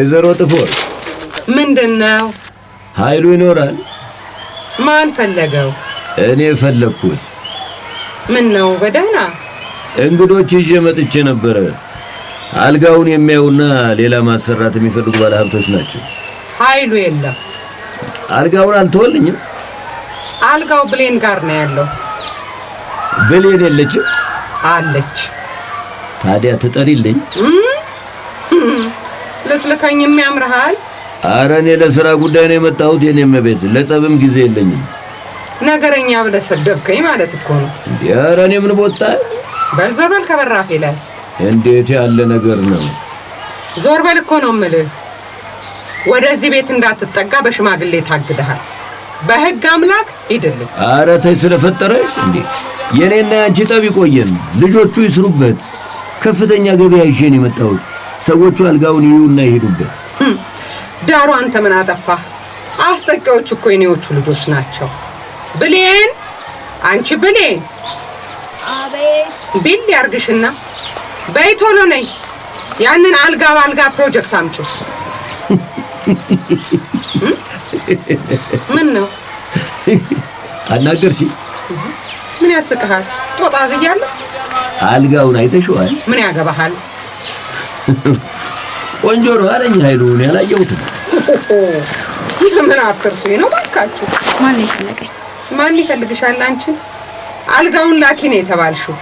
ወይዘሮ ጥፎር ምንድን ነው? ኃይሉ ይኖራል? ማን ፈለገው? እኔ ፈለግኩት። ምን ነው? በደህና እንግዶች ይዤ መጥቼ ነበረ። አልጋውን የሚያዩና ሌላ ማሰራት የሚፈልጉ ባለሀብቶች ናቸው። ኃይሉ የለም። አልጋውን አልተወልኝም። አልጋው ብሌን ጋር ነው ያለው። ብሌን የለችም? አለች። ታዲያ ትጠሪልኝ ልትልከኝ የሚያምርሃል? አረ እኔ ለስራ ጉዳይ ነው የመጣሁት የኔ ቤት ለጸብም ጊዜ የለኝም። ነገረኛ ብለህ ሰደብከኝ ማለት እኮ ነው። ኧረ እኔ ምን ቦታ በል ዞር በል ከበራፌ ላይ። እንዴት ያለ ነገር ነው? ዞር በል እኮ ነው የምልህ። ወደዚህ ቤት እንዳትጠጋ በሽማግሌ ታግደሃል። በህግ አምላክ ሂድልኝ። አረ ተይ ስለፈጠረሽ እንዴ! የኔና ያንቺ ጠብ ይቆየን፣ ልጆቹ ይስሩበት። ከፍተኛ ገበያ ይዤ ነው የመጣሁት። ሰዎቹ አልጋውን ይዩና ይሄዱበት። ዳሩ አንተ ምን አጠፋህ? አስጠቂዎች እኮ የኔዎቹ ልጆች ናቸው። ብሌን፣ አንቺ ብሌን፣ አቤት። ቢል ያርግሽና በይ ቶሎ ነይ። ያንን አልጋ በአልጋ ፕሮጀክት አምጪ። ምን ነው አናገርሽ? ምን ያስቅሃል? ጦጣ ዝያለሁ። አልጋውን አይተሽዋል? ምን ያገባሃል? ቆንጆ ነው አለኝ ኃይሉ። እኔ አላየሁትም። ይህ ምን አትርሱኝ ነው ባካችሁ። ማን ይፈልገኝ? ማን ይፈልግሻል? አንቺ አልጋውን ላኪ ነው የተባልሽው።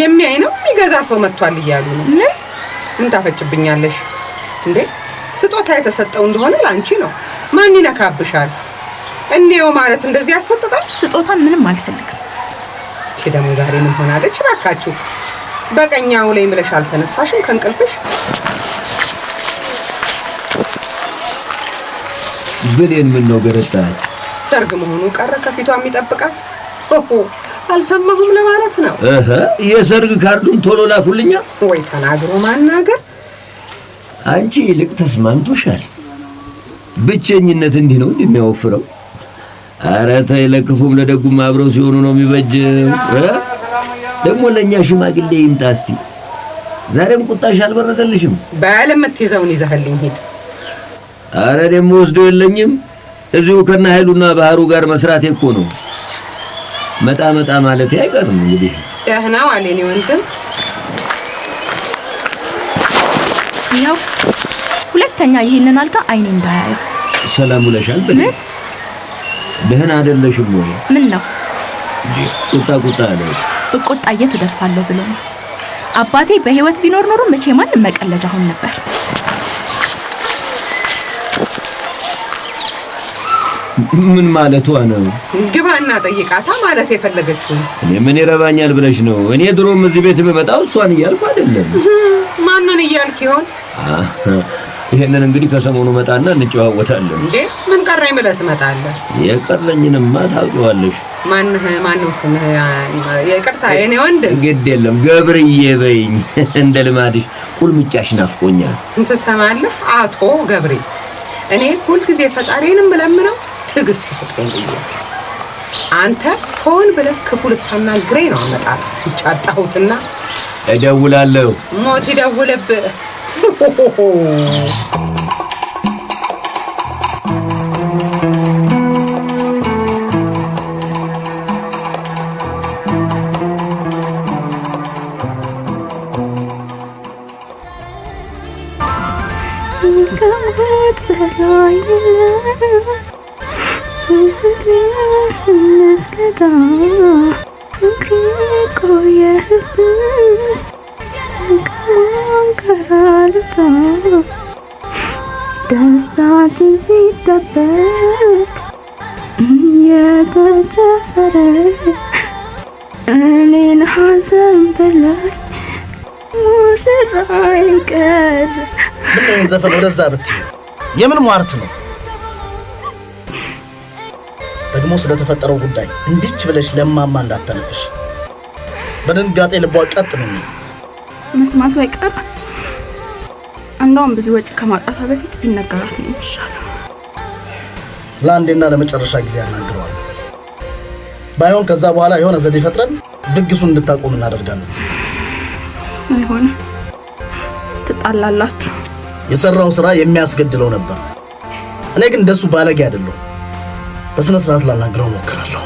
የሚያይ ነው የሚገዛ ሰው መጥቷል እያሉ ነው። ምን ምን ታፈጭብኛለሽ እንዴ? ስጦታ የተሰጠው እንደሆነ ላንቺ ነው። ማን ይነካብሻል? እኔው ማለት እንደዚህ ያስፈጥጣል። ስጦታን ምንም አልፈልግም። እቺ ደግሞ ዛሬ ምን ሆናለች? እባካችሁ በቀኛው ላይ ብለሽ አልተነሳሽም ከእንቅልፍሽ? ብሌን ምን ነው ገረጣ? ሰርግ መሆኑ ቀረ ከፊቷ የሚጠብቃት ኦሆ፣ አልሰማሁም ለማለት ነው። እህ የሰርግ ካርዱን ቶሎ ላኩልኛ። ወይ ተናግሮ ማናገር። አንቺ ይልቅ ተስማምቶሻል። ብቸኝነት እንዲህ ነው እንደሚያወፍረው። አረ ተይ፣ ለክፉም ለደጉም አብረው ሲሆኑ ነው የሚበጅ። ደግሞ ለእኛ ሽማግሌ ይምጣ እስቲ። ዛሬም ቁጣሽ አልበረደልሽም። በዓል የምትይዘውን ይዘህልኝ ሂድ። አረ ደግሞ ወስዶ የለኝም እዚሁ ከነ ኃይሉና ባህሩ ጋር መስራት እኮ ነው። መጣ መጣ ማለት አይቀርም እንግዲህ። ደህና ዋል የኔ ወንድም። ያው ሁለተኛ ይሄንን አልጋ አይኔ እንዳያየው። ሰላም ውለሻል? ምን ደህና አይደለሽም ወይ? ምን ነው ቁጣ ቁጣ አለ። እቆጣዬ ትደርሳለሁ ብሎ ነው። አባቴ በህይወት ቢኖር ኖሮ መቼ ማንም መቀለጃ አሁን ነበር። ምን ማለቷ ነው? ግባና ጠይቃታ ማለት የፈለገችው። እኔ ምን ይረባኛል ብለሽ ነው? እኔ ድሮም እዚህ ቤት የምመጣው እሷን እያልኩ አይደለም። ማንን እያልክ ይሆን? ይሄንን እንግዲህ ከሰሞኑ መጣና እንጨዋወታለን። እንዴ ምን ቀረኝ ብለህ ትመጣለህ? የቀረኝንማ ታውቂዋለሽ። ማንህ ማነው ስምህ? ይቅርታ የኔ ግድ የለም ገብርዬ በይኝ እንደ ልማድሽ። ቁልምጫሽ ናፍቆኛል። አቶ ገብሬ፣ እኔ ሁልጊዜ ፈጣሪንም ብለምነው ትዕግስት ስጠኝ ብዬ አንተ ሆን ብለህ ክፉ ልታናግረኝ ነው አመጣጥ ይጫጣሁትና እደውላለሁ። ሞት ይደውልብህ። Destatin sita bek Ya da caferek Elin hazan belek Mujir aygar ፍቅሬን ዘፈን ወደዛ ብትይ የምን ሟርት ነው? ደግሞ ስለተፈጠረው ጉዳይ እንዲች ብለሽ ለማማ እንዳተነፍሽ። በድንጋጤ ልቧ ቀጥ ነው መስማቱ አይቀር። እንደውም ብዙ ወጪ ከማውጣቷ በፊት ቢነገራት ነው ይሻላል። ለአንዴና ለመጨረሻ ጊዜ አናግረዋል ባይሆን ከዛ በኋላ የሆነ ዘዴ ፈጥረን ድግሱን እንድታቆም እናደርጋለን። አይሆንም፣ ትጣላላችሁ የሰራው ስራ የሚያስገድለው ነበር። እኔ ግን እንደሱ ባለጌ አይደለሁ። በስነ ስርዓት ላናግረው ሞክራለሁ።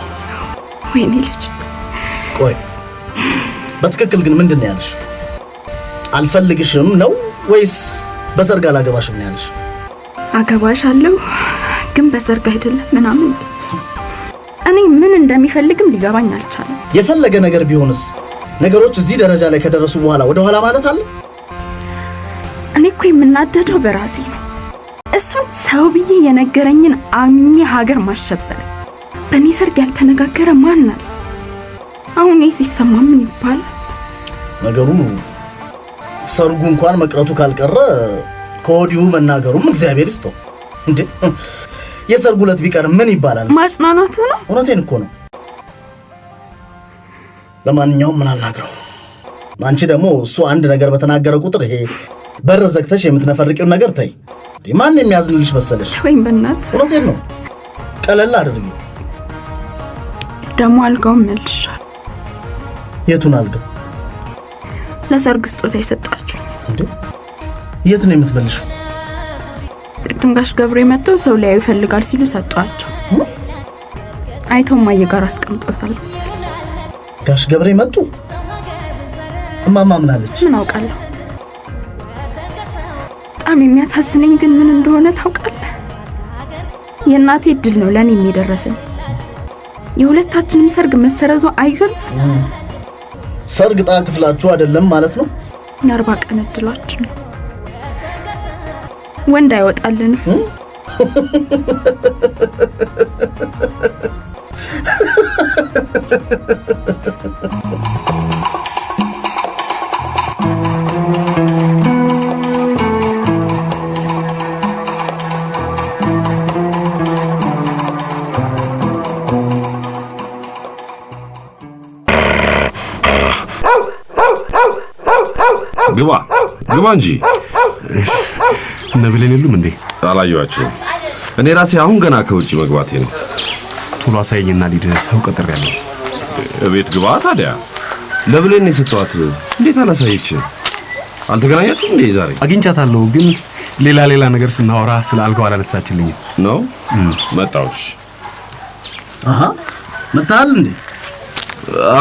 ወይኔ ልጅ ቆይ፣ በትክክል ግን ምንድን ነው ያለሽ? አልፈልግሽም ነው ወይስ በሰርግ አላገባሽም ነው ያለሽ? አገባሽ አለው ግን በሰርግ አይደለም ምናምን። እኔ ምን እንደሚፈልግም ሊገባኝ አልቻለም። የፈለገ ነገር ቢሆንስ ነገሮች እዚህ ደረጃ ላይ ከደረሱ በኋላ ወደ ኋላ ማለት አለ እኔ እኮ የምናደደው በራሴ ነው። እሱን ሰው ብዬ የነገረኝን አምኜ ሀገር ማሸበር። በእኔ ሰርግ ያልተነጋገረ ማን አለ? አሁን ይህ ሲሰማ ምን ይባላል? ነገሩ ሰርጉ እንኳን መቅረቱ ካልቀረ ከወዲሁ መናገሩም እግዚአብሔር ይስጠው። እንዴ የሰርጉ ዕለት ቢቀር ምን ይባላል? ማጽናናቱ ነው። እውነቴን እኮ ነው። ለማንኛውም ምን አልናግረው አንቺ ደግሞ እሱ አንድ ነገር በተናገረ ቁጥር ይሄ በር ዘግተሽ የምትነፈርቂውን ነገር ተይ። ማን የሚያዝንልሽ መሰለሽ? ወይም በእናት እውነቴን ነው። ቀለል አድርጊ። ደግሞ አልጋው መልሻል። የቱን አልጋ? ለሰርግ ስጦታ የሰጣችሁ እንዴ? የት ነው የምትመልሺው? ቅድም ጋሽ ገብሬ መጥተው ሰው ሊያዩ ይፈልጋል ሲሉ ሰጧቸው። አይተውም አየጋር አስቀምጠውታል መሰለኝ። ጋሽ ገብሬ መጡ? እማማ ምን አለች? ምን አውቃለሁ። በጣም የሚያሳዝነኝ ግን ምን እንደሆነ ታውቃለህ? የእናቴ እድል ነው ለእኔ የሚደረሰኝ። የሁለታችንም ሰርግ መሰረዙ አይገርም? ሰርግ ጣ ክፍላችሁ አይደለም ማለት ነው። የአርባ ቀን እድሏችን ነው። ወንድ አይወጣልንም። ግባ እንጂ። እነ ብሌን የሉም እንዴ? አላየኋቸውም። እኔ ራሴ አሁን ገና ከውጭ መግባቴ ነው። ቶሎ አሳየኝና ሊድ ሰው ቀጥር ያለ እቤት ግባ። ታዲያ ለብሌን የሰጠኋት እንዴት አላሳየች? አልተገናኛችሁ እንዴ? ዛሬ አግኝቻታለሁ፣ ግን ሌላ ሌላ ነገር ስናወራ ስለ አልጋው አላነሳችልኝም። ነው መጣሁሽ። አሀ መጣል እንዴ?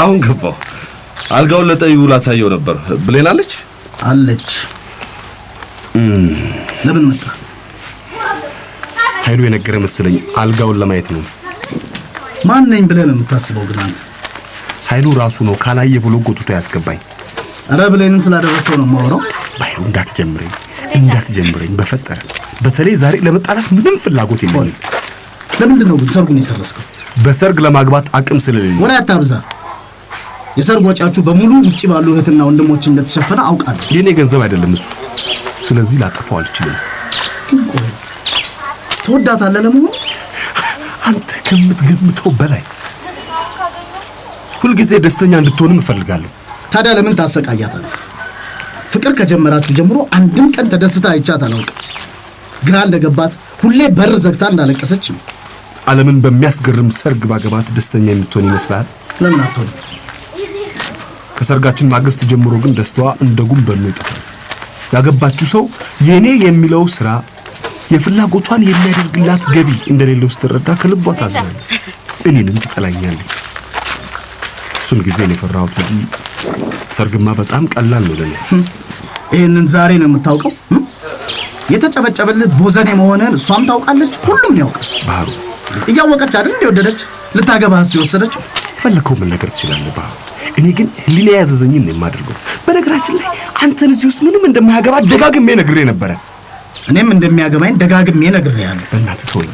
አሁን ገባሁ። አልጋውን ለጠዩ ላሳየው ነበር። ብሌን አለች አለች። ለምን መጣ? ኃይሉ የነገረ መሰለኝ አልጋውን ለማየት ነው። ማን ነኝ ብለህ ነው የምታስበው? ግን አንተ ኃይሉ ራሱ ነው ካላየ ብሎ ጎትቶ ያስገባኝ። እረ ብለንን ስላደረከው ነው የማወራው። ባይሉ እንዳትጀምረኝ፣ እንዳትጀምረኝ በፈጠረ። በተለይ ዛሬ ለመጣላት ምንም ፍላጎት የለኝም። ለምንድን ነው ግን ሰርጉን የሰረስከው? በሰርግ ለማግባት አቅም ስለሌለኝ። ወሬ አታብዛ። የሰርግ ወጪያችሁ በሙሉ ውጭ ባሉ እህትና ወንድሞች እንደተሸፈነ አውቃለሁ። የኔ ገንዘብ አይደለም እሱ። ስለዚህ ላጠፋው አልችልም። ግን ቆይ ትወዳታለህ ለመሆኑ? አንተ ከምትገምተው በላይ ሁልጊዜ ደስተኛ እንድትሆንም እፈልጋለሁ። ታዲያ ለምን ታሰቃያታለህ? ፍቅር ከጀመራችሁ ጀምሮ አንድም ቀን ተደስታ አይቻት አላውቅም። ግራ እንደገባት ሁሌ በር ዘግታ እንዳለቀሰች ነው። ዓለምን በሚያስገርም ሰርግ ባገባት ደስተኛ የምትሆን ይመስላል። ለምን አትሆንም? ከሰርጋችን ማግስት ጀምሮ ግን ደስታዋ እንደ ጉም በኖ ይጠፋል። ያገባችው ሰው የእኔ የሚለው ስራ የፍላጎቷን የሚያደርግላት ገቢ እንደሌለው ስትረዳ ከልቧ ታዝናለች፣ እኔንም ትጠላኛለች። እሱን ጊዜ ነው የፈራሁት እንጂ ሰርግማ በጣም ቀላል ነው ለኔ። ይህንን ዛሬ ነው የምታውቀው። የተጨበጨበልህ ቦዘኔ መሆንህን እሷም ታውቃለች፣ ሁሉም ያውቃል። ባህሩ እያወቀች አይደል እንደወደደች ልታገባህ ሲወሰደችው ፈለከው ነገር ትችላለህ ባ እኔ ግን ህሊና ያዘዘኝ ነው የማደርገው። በነገራችን ላይ አንተን እዚህ ውስጥ ምንም እንደማያገባ ደጋግሜ ነግሬ ነበረ። እኔም እንደሚያገባኝ ደጋግሜ ያለ በእናትህ ተወኝ።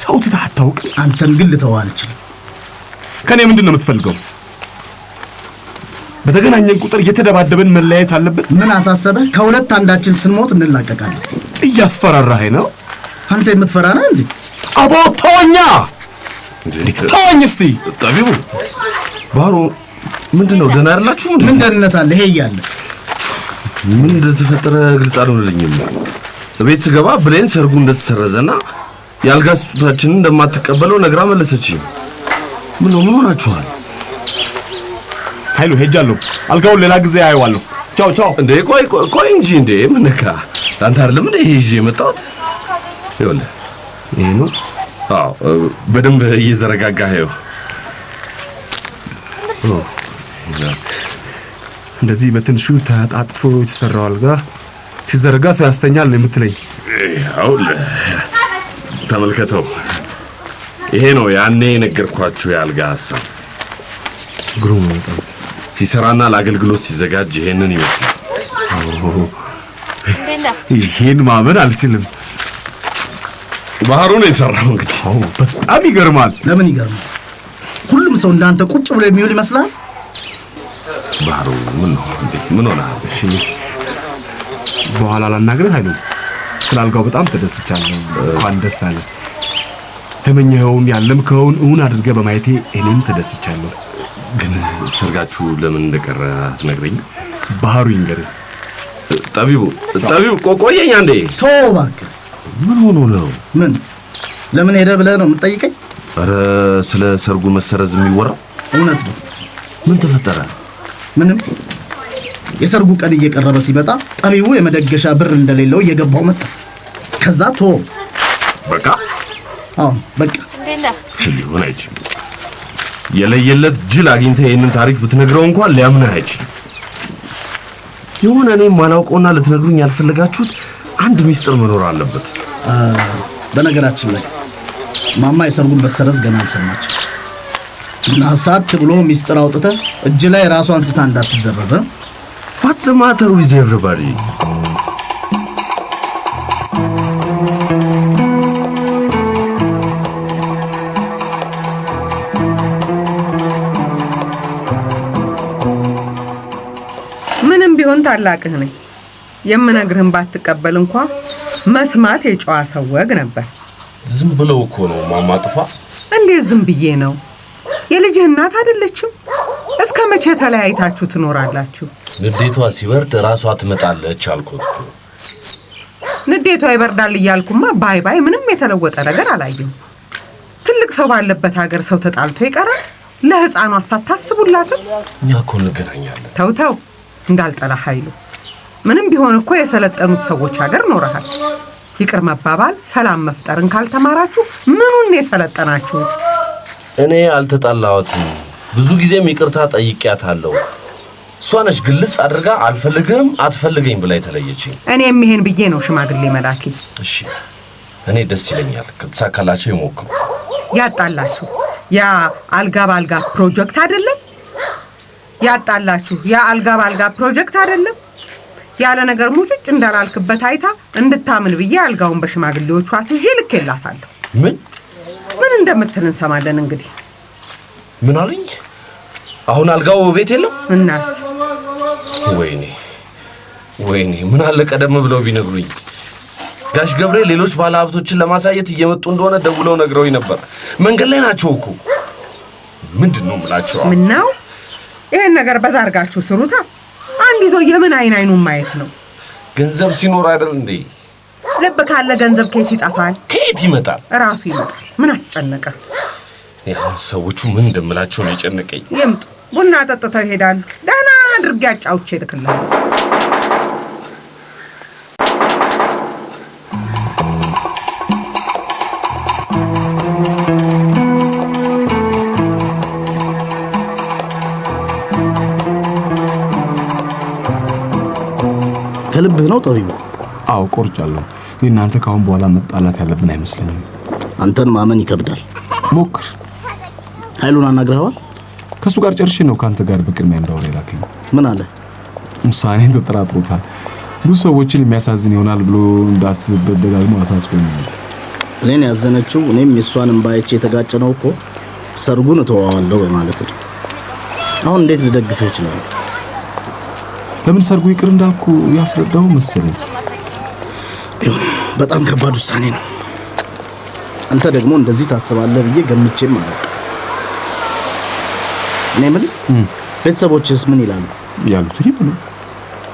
ሰው ትተህ አታውቅም። አንተን ግን ልተው አልችልም። ከእኔ ምንድን ነው የምትፈልገው? በተገናኘን ቁጥር እየተደባደበን መለያየት አለብን? ምን አሳሰበ? ከሁለት አንዳችን ስንሞት እንላቀቃለን። እያስፈራራኸኝ ነው። አንተ የምትፈራ እንዴ? አቦ ተወኛ ተወኝ እስቲ ጠቢቡ ባሮ ምንድን ነው? ደህና አይደላችሁ? ምን ደህንነት አለ? ይሄ እያለ ምን እንደተፈጠረ ግልጽ አልሆነልኝም። ቤት ስገባ ብሌን ሰርጉ እንደተሰረዘና የአልጋ ስጦታችንን እንደማትቀበለው ነግራ መለሰችኝ። ምን ነው ምን ሆናችኋል? ኃይሉ ሄጃለሁ። አልጋውን ሌላ ጊዜ አየዋለሁ። ቻው ቻው። እንዴ ቆይ ቆይ እንጂ እንዴ ምነካ አንተ አይደለም እንዴ ይዤ የመጣሁት ይኸውልህ ይሄ ነው አዎ፣ በደንብ እየዘረጋጋህ ነው። እንደዚህ በትንሹ ተጣጥፎ የተሰራው አልጋ ሲዘረጋ ሰው ያስተኛል ነው የምትለኝ? ይኸውልህ ተመልከተው። ይሄ ነው ያኔ የነገርኳችሁ የአልጋ ሀሳብ። ግሩም በጣም ሲሰራና ለአገልግሎት ሲዘጋጅ ይሄንን ይመስላል። ይሄን ማመን አልችልም። ባህሩ ነው የሰራው። እንግዲህ በጣም ይገርማል። ለምን ይገርማል? ሁሉም ሰው እንዳንተ ቁጭ ብሎ የሚውል ይመስላል። ባህሩ ምን ነው እንዴ? ምን ሆነ? እሺ በኋላ ላናግርህ። አይኑ ስላልጋው በጣም ተደስቻለሁ። እንኳን ደስ አለ። ተመኘኸውን ያለምከውን እውን አድርገህ በማየቴ እኔም ተደስቻለሁ። ግን ሰርጋችሁ ለምን እንደቀረ አትነግረኝ? ባህሩ ይንገርህ። ጠቢቡ ጠቢቡ፣ ቆቆየኝ እንዴ? ተው እባክህ ምን ሆኖ ነው? ምን ለምን ሄደ ብለህ ነው የምትጠይቀኝ? እረ ስለ ሰርጉ መሰረዝ የሚወራው እውነት ነው። ምን ተፈጠረ? ምንም። የሰርጉ ቀን እየቀረበ ሲመጣ ጠቢቡ የመደገሻ ብር እንደሌለው እየገባው መጣ። ከዛ ቶ በቃ አዎ በቃ ሊሆን አይችልም። የለየለት ጅል አግኝተ ይህንን ታሪክ ብትነግረው እንኳን ሊያምንህ አይችልም። የሆነ እኔም ማላውቀውና ልትነግሩኝ ያልፈለጋችሁት አንድ ሚስጥር መኖር አለበት። በነገራችን ላይ ማማ የሰርጉን በሰረዝ ገና አልሰማችም እና ሳት ብሎ ሚስጥር አውጥተ እጅ ላይ ራሷ አንስታ እንዳትዘረበ ዋትስ ማተር ዊዝ ኤቨሪባዲ ምንም ቢሆን ታላቅህ ነኝ። የምነግርህን ባትቀበል እንኳ መስማት የጨዋ ሰው ወግ ነበር። ዝም ብለው እኮ ነው ማማጥፋ። እንዴት ዝም ብዬ ነው? የልጅህ እናት አይደለችም? እስከ መቼ ተለያይታችሁ ትኖራላችሁ? ንዴቷ ሲበርድ ራሷ ትመጣለች አልኩት። ንዴቷ ይበርዳል እያልኩማ ባይ ባይ ምንም የተለወጠ ነገር አላየሁም። ትልቅ ሰው ባለበት ሀገር ሰው ተጣልቶ ይቀራል? ለህፃኗ ሳታስቡላትም። እኛ እኮ እንገናኛለን። ተውተው እንዳልጠላ ኃይሉ ምንም ቢሆን እኮ የሰለጠኑት ሰዎች ሀገር ኖረሃል። ይቅር መባባል፣ ሰላም መፍጠርን ካልተማራችሁ ምኑን የሰለጠናችሁት? እኔ አልተጣላኋትም። ብዙ ጊዜም ይቅርታ ጠይቄያታለሁ። እሷ ነች ግልጽ አድርጋ አልፈልግህም፣ አትፈልገኝ ብላ የተለየችኝ። እኔም ይሄን ብዬ ነው ሽማግሌ መላኪ። እሺ እኔ ደስ ይለኛል። ከተሳካላቸው ይሞክሩ። ያጣላችሁ ያ አልጋ በአልጋ ፕሮጀክት አይደለም? ያጣላችሁ ያ አልጋ በአልጋ ፕሮጀክት አይደለም? ያለ ነገር ሙጭጭ እንዳላልክበት አይታ እንድታምን ብዬ አልጋውን በሽማግሌዎቹ አስዤ ልኬላታለሁ። ምን ምን እንደምትል እንሰማለን እንግዲህ። ምን አለኝ? አሁን አልጋው ቤት የለም። እናስ? ወይኔ ወይኔ፣ ምን አለ ቀደም ብለው ቢነግሩኝ። ጋሽ ገብሬ ሌሎች ባለሀብቶችን ለማሳየት እየመጡ እንደሆነ ደውለው ነግረውኝ ነበር። መንገድ ላይ ናቸው እኮ። ምንድን ነው ምላቸው? ምነው ይህን ነገር በዛ አድርጋችሁ ስሩታ አንድ ሰው የምን አይን አይኑን ማየት ነው? ገንዘብ ሲኖር አይደል እንዴ? ልብ ካለ ገንዘብ ከየት ይጠፋል? ከየት ይመጣል? ራሱ ይመጣል። ምን አስጨነቀ? ያው ሰዎቹ ምን እንደምላቸው ነው የጨነቀኝ። ይምጡ፣ ቡና ጠጥተው ይሄዳሉ። ደህና አድርጌ አጫውቼ እልክልሃለሁ። ከልብህ ነው ጠቢቡ? አዎ ቆርጫለሁ። እናንተ ካሁን በኋላ መጣላት ያለብን አይመስለኝም። አንተን ማመን ይከብዳል። ሞክር። ኃይሉን አናግረኸዋል? ከእሱ ጋር ጨርሼ ነው ከአንተ ጋር በቅድሚያ እንዳወራ የላከኝ። ምን አለ? ውሳኔን ተጠራጥሮታል። ብዙ ሰዎችን የሚያሳዝን ይሆናል ብሎ እንዳስብበት ደጋግሞ አሳስቦኛል። እኔን ያዘነችው እኔም የእሷን እምባይቼ የተጋጨ ነው እኮ ሰርጉን እተዋዋለሁ በማለት ነው። አሁን እንዴት ልደግፍህ እችላለሁ? ለምን ሰርጉ ይቅር እንዳልኩ ያስረዳው መሰለኝ። በጣም ከባድ ውሳኔ ነው። አንተ ደግሞ እንደዚህ ታስባለህ ብዬ ገምቼም አለቅ። እኔ ምን ቤተሰቦችስ ምን ይላሉ? ያሉትን ይበሉ።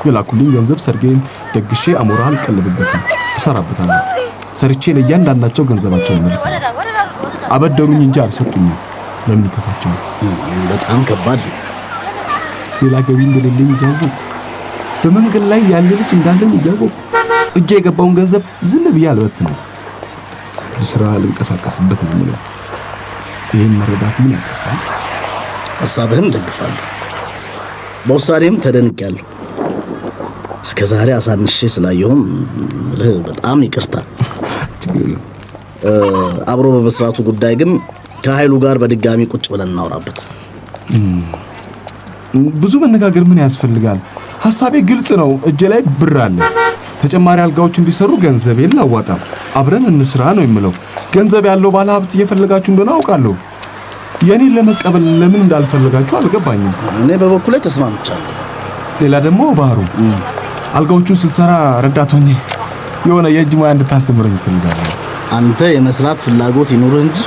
የላኩልኝ ገንዘብ ሰርጌን ደግሼ አሞራ አልቀልብበትም፣ እሰራበታለሁ። ሰርቼ ለእያንዳንዳቸው ገንዘባቸውን መልሳለሁ። አበደሩኝ እንጂ አልሰጡኝም። ለምን ይከፋቸዋል? በጣም ከባድ ነው። ሌላ ገቢ እንደሌለኝ እያወቁ በመንገድ ላይ ያለ ልጅ እንዳለን እያወቁ እጄ የገባውን ገንዘብ ዝም ብዬ አልበትነው። ስራ ልንቀሳቀስበት ነው የምለው። ይህን መረዳት ምን ያቀርታል? ሀሳብህን ደግፋለሁ። በውሳኔም ተደንቄያለሁ። እስከ ዛሬ አሳንሼ ስላየሁም ልህ በጣም ይቅርታ። አብሮ በመስራቱ ጉዳይ ግን ከኃይሉ ጋር በድጋሚ ቁጭ ብለን እናውራበት። ብዙ መነጋገር ምን ያስፈልጋል? ሐሳቤ ግልጽ ነው። እጄ ላይ ብር አለ። ተጨማሪ አልጋዎች እንዲሰሩ ገንዘቤን ላዋጣ፣ አብረን እንስራ ነው የምለው። ገንዘብ ያለው ባለ ሀብት እየፈለጋችሁ እንደሆነ አውቃለሁ። የእኔን ለመቀበል ለምን እንዳልፈለጋችሁ አልገባኝም። እኔ በበኩሌ ተስማምቻለሁ። ሌላ ደግሞ ባህሩ፣ አልጋዎቹን ስትሰራ ረዳቶኝ የሆነ የእጅ ሙያ እንድታስተምረኝ ፈልጋለሁ። አንተ የመስራት ፍላጎት ይኑርህ እንጂ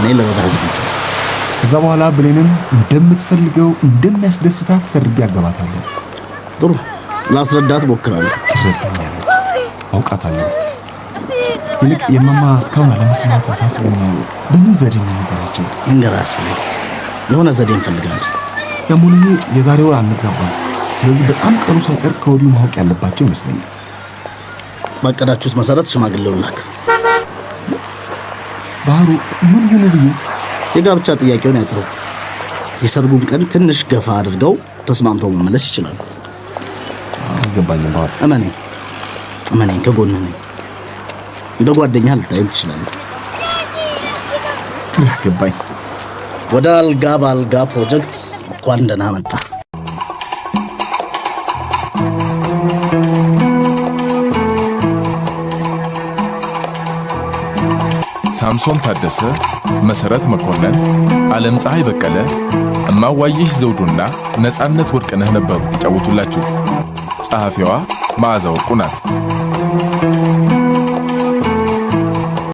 እኔ ለረዳ ዝግጁ። ከዛ በኋላ ብሌንን እንደምትፈልገው እንደሚያስደስታት ሰርጌ አገባታለሁ። ጥሩ ላስረዳት ሞክራለሁ። አውቃታለሁ። ይልቅ የማማ እስካሁን አለመስማት አሳስቦኛል። በምን ዘዴ እንደሚገናቸው መንገር አያስፈልግም። የሆነ ዘዴ እንፈልጋለን። ያሞን ይሄ የዛሬ ወር አንጋባም። ስለዚህ በጣም ቀኑ ሳይቀር ከወዲሁ ማወቅ ያለባቸው ይመስለኛል። ባቀዳችሁት መሰረት ሽማግሌውን ላክ። ባህሩ ምን ሆኑ ብዬ የጋብቻ ጥያቄውን ያቅርቡ። የሰርጉን ቀን ትንሽ ገፋ አድርገው ተስማምተው መመለስ ይችላሉ። አልገባኝም። ባወራ እመነኝ፣ እመነኝ፣ ከጎንህ ነኝ። እንደ ጓደኛህ ልታየኝ ትችላለህ። ግራ ገባኝ። ወደ አልጋ በአልጋ ፕሮጀክት እንኳን ደህና መጣ። ሳምሶን ታደሰ፣ መሰረት መኮንን፣ ዓለም ፀሐይ በቀለ፣ እማዋይሽ ዘውዱና ነፃነት ወርቅነህ ነበሩ ይጫወቱላችሁ። ፀሐፊዋ መዓዛ ወርቁ ናት።